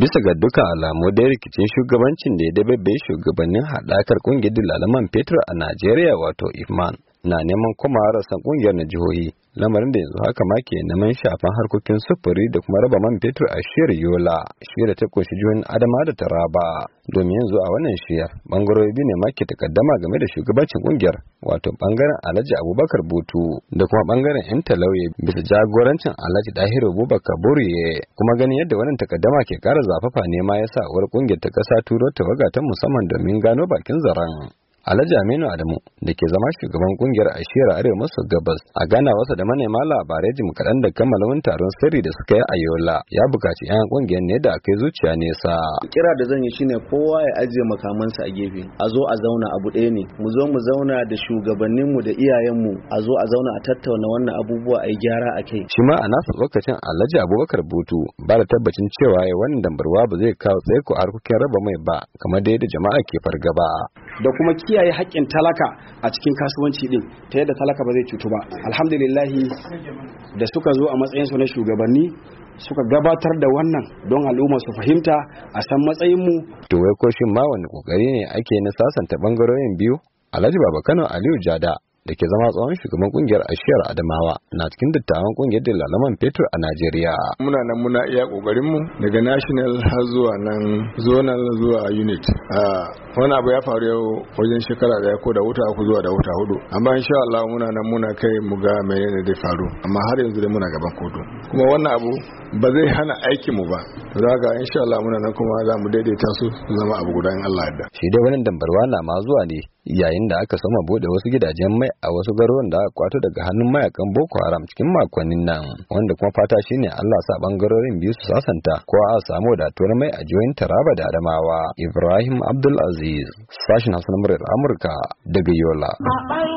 bisa ga duka alamu da rikicin shugabancin da ya dababbe shugabannin haɗakar ƙungiyar dalaman fetur a najeriya wato ifman na neman komawa rassan kungiyar na jihohi lamarin da yanzu haka ma ke neman shafan harkokin sufuri da kuma raba man fetur a shiyar yola shiyar da ta kunshi jihohin adama da taraba domin yanzu a wannan shiyar bangarori biyu ne ma ke takaddama game da shugabancin kungiyar wato bangaren alhaji abubakar butu da kuma bangaren yan talauye bisa jagorancin alhaji dahiru abubakar buriye kuma ganin yadda wannan takaddama ke kara zafafa ne ma yasa uwar kungiyar ta kasa turo tawaga ta musamman domin gano bakin zaren Alhaji Aminu Adamu da ke zama shugaban kungiyar Ashiyar Arewa maso gabas a gana wasu da manema labarai jim kaɗan da kammala wani taron sirri da suka yi a Yola ya buƙaci 'yan kungiyar ne da kai zuciya nesa. Kira da zan yi shine kowa ya ajiye makamansa a gefe a zo a zauna abu ɗaya ne mu zo mu zauna da shugabanninmu da iyayenmu a zo a zauna a tattauna wannan abubuwa a yi gyara a kai. Shi ma a nasa lokacin Alhaji Abubakar Butu ba da tabbacin cewa ya wani dambarwa ba zai kawo tsaiko a harkokin raba mai ba kamar da yadda jama'a ke fargaba. da kuma kiyaye haƙƙin talaka a cikin kasuwanci din ta yadda talaka ba zai cutu ba alhamdulillahi da suka zo a matsayinsu na shugabanni suka gabatar da wannan don al'umma su fahimta a san matsayinmu. To wai ko shin ma wani kokari ne ake na sasanta bangarorin biyu? Alhaji Baba Kano Aliyu Jada da ke zama tsawon shugaban kungiyar ashiyar adamawa na cikin dattawan kungiyar dalaman fetur a najeriya muna nan muna iya kokarin mu daga national har zuwa nan zonal zuwa unit wani abu ya faru yau wajen shekara daya ko da wuta ku zuwa da wuta hudu amma insha Allah muna nan muna kai mu ga menene da faru amma har yanzu dai muna gaban kotu kuma wannan abu ba zai hana aikin mu ba za ga insha Allah muna nan kuma za mu daidaita su zama abu guda in Allah yarda shi dai wannan dambarwa na ma zuwa ne yayin da aka sama bude wasu gidajen mai a wasu garuruwan da aka kwato daga hannun mayakan Boko Haram cikin makonnin nan wanda kuma fata shine Allah sa bangarorin biyu su sasanta ko a samu wadatuwar mai a jihohin Taraba da Adamawa Ibrahim Abdul Aziz sashin Hassan Amurka daga Yola